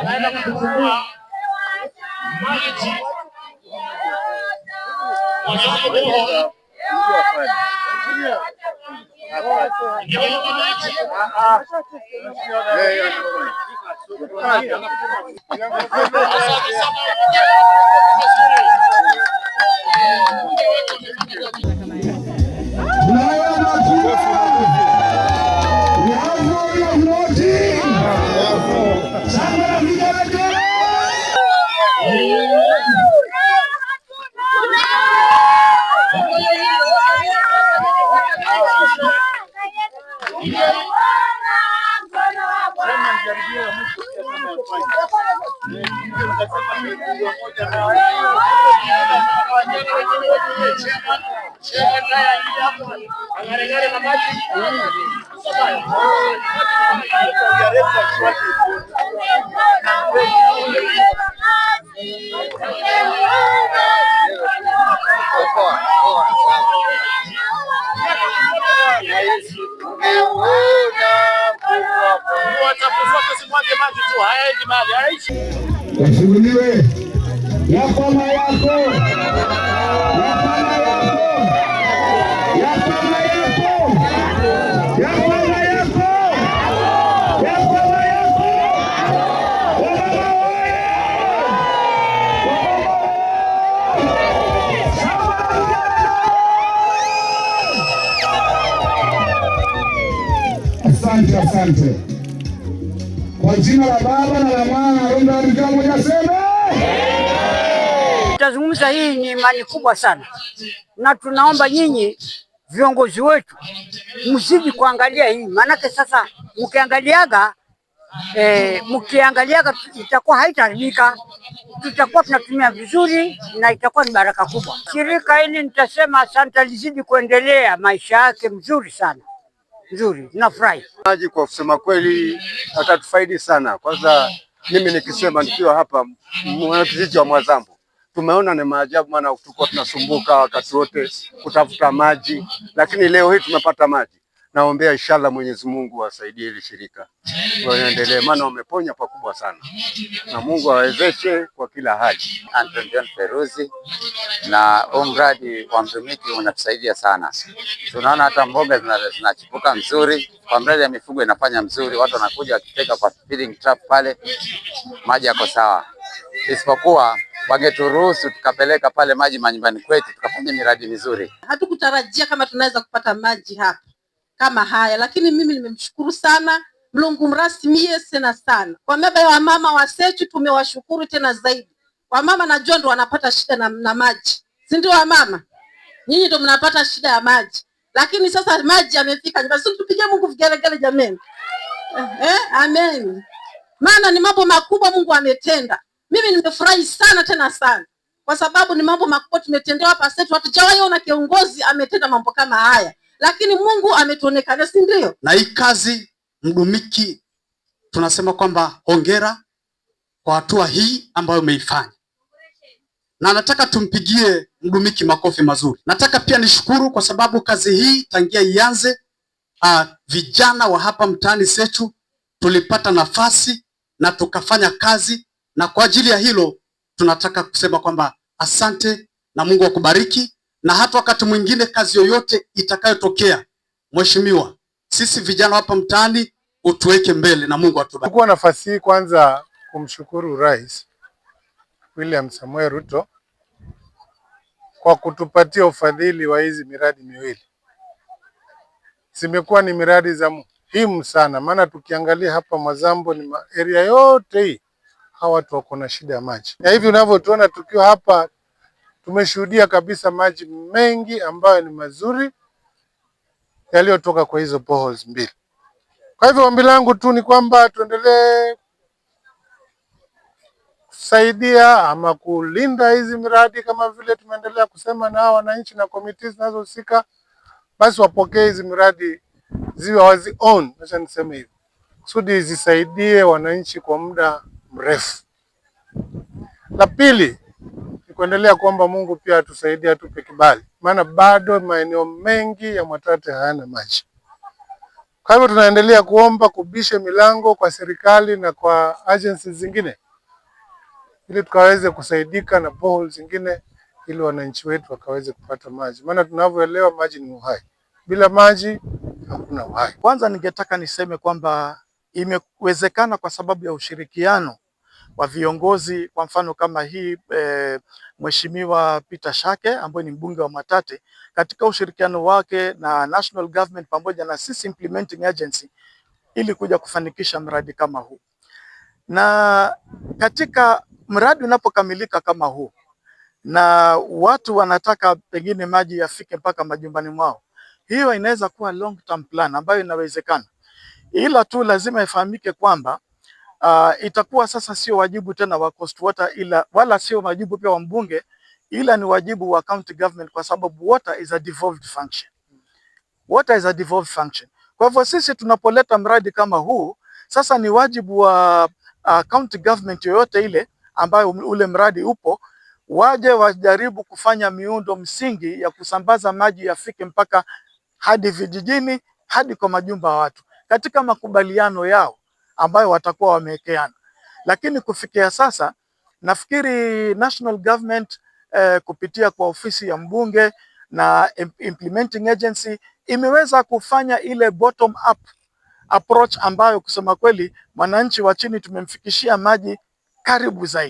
anaenda kuchukua maji wajaoho Unaona Waheshimiwe Yakoma yako yako Asante, asante kwa jina la Baba na la Mwana na Roho Mtakatifu, mmoja aseme nitazungumza Hii ni imani kubwa sana, na tunaomba nyinyi viongozi wetu mzidi kuangalia hii, maanake sasa mkiangaliaga E, mkiangaliaga itakuwa haitaharibika, tutakuwa tunatumia vizuri na itakuwa ni baraka kubwa. Shirika hili nitasema asante, lizidi kuendelea maisha yake mzuri sana, mzuri. Nafurahi maji, kwa kusema kweli atatufaidi sana. Kwanza mimi nikisema nikiwa hapa mwanakijiji wa Mwazambo tumeona ni maajabu, maana tulikuwa tunasumbuka wakati wote kutafuta maji, lakini leo hii tumepata maji. Naombea inshallah Mwenyezi Mungu awasaidie ile shirika waendelee, maana wameponya pakubwa sana, na Mungu awawezeshe kwa kila hali. Anton John Peruzi, na huu mradi wa mtumiki unatusaidia sana, tunaona hata mboga zinachipuka mzuri, kwa mradi ya mifugo inafanya mzuri, watu wanakuja wakiteka kwa feeding trap pale, maji yako sawa, isipokuwa wangeturuhusu tukapeleka pale maji manyumbani kwetu tukafanya miradi mizuri. Hatukutarajia kama tunaweza kupata maji hapa kama haya, lakini mimi nimemshukuru sana Mlungu mrasimie sana sana. Kwa niaba ya wamama wasechu tumewashukuru tena zaidi. Wamama najua ndo wanapata shida na, na maji, si ndio? Wamama nyinyi ndo mnapata shida ya maji, lakini sasa maji yamefika nyumbani, si tupigie Mungu vigelegele jameni eh, eh, amen. Maana ni mambo makubwa Mungu ametenda. Mimi nimefurahi sana tena sana, kwa sababu ni mambo makubwa tumetendewa hapa Setu. ona kiongozi ametenda mambo kama haya, lakini Mungu ametuonekana, si ndio? Na hii kazi Mdumiki, tunasema kwamba hongera kwa hatua hii ambayo umeifanya, na nataka tumpigie Mdumiki makofi mazuri. Nataka pia nishukuru kwa sababu kazi hii tangia ianze, uh, vijana wa hapa mtaani Setu tulipata nafasi na tukafanya kazi na kwa ajili ya hilo tunataka kusema kwamba asante na Mungu akubariki. Na hata wakati mwingine kazi yoyote itakayotokea, mheshimiwa, sisi vijana hapa mtaani utuweke mbele na Mungu atubariki. Kwa nafasi hii kwanza kumshukuru Rais William Samuel Ruto kwa kutupatia ufadhili wa hizi miradi miwili. Zimekuwa ni miradi za muhimu sana, maana tukiangalia hapa Mazambo ni area yote hii hawa watu wako na shida ya maji, na hivi unavyotuona tukiwa hapa tumeshuhudia kabisa maji mengi ambayo ni mazuri yaliyotoka kwa hizo boreholes mbili. Kwa hivyo ombi langu tu ni kwamba tuendelee kusaidia ama kulinda hizi miradi kama vile tumeendelea kusema na wananchi na komiti zinazohusika, basi wapokee hizi miradi ziwe wazi own, acha niseme hivyo, kusudi zisaidie wananchi kwa muda mrefu. La pili ni kuendelea kuomba Mungu pia atusaidie, atupe kibali, maana bado maeneo mengi ya Mwatate hayana maji. Kwa hivyo tunaendelea kuomba kubishe milango kwa serikali na kwa agencies zingine ili tukaweze kusaidika na boreholes zingine ili wananchi wetu wakaweze kupata maji, maana tunavyoelewa maji ni uhai. Bila maji hakuna uhai. Kwanza ningetaka niseme kwamba imewezekana kwa sababu ya ushirikiano wa viongozi, kwa mfano kama hii e, Mheshimiwa Peter Shake ambaye ni mbunge wa Matate, katika ushirikiano wake na National Government pamoja na sisi implementing agency ili kuja kufanikisha mradi kama huu. Na katika mradi unapokamilika kama huu na watu wanataka pengine maji yafike mpaka majumbani mwao, hiyo inaweza kuwa long term plan ambayo inawezekana ila tu lazima ifahamike kwamba uh, itakuwa sasa sio wajibu tena wa Coast Water ila wala sio wajibu pia wa mbunge ila ni wajibu wa county government kwa sababu water is a devolved function. Water is a devolved function. Kwa hivyo sisi tunapoleta mradi kama huu sasa ni wajibu wa uh, county government yoyote ile ambayo ule mradi upo waje wajaribu kufanya miundo msingi ya kusambaza maji yafike mpaka hadi vijijini hadi kwa majumba ya watu katika makubaliano yao ambayo watakuwa wamewekeana. Lakini kufikia sasa nafikiri national government eh, kupitia kwa ofisi ya mbunge na implementing agency imeweza kufanya ile bottom up approach ambayo kusema kweli mwananchi wa chini tumemfikishia maji karibu zaidi.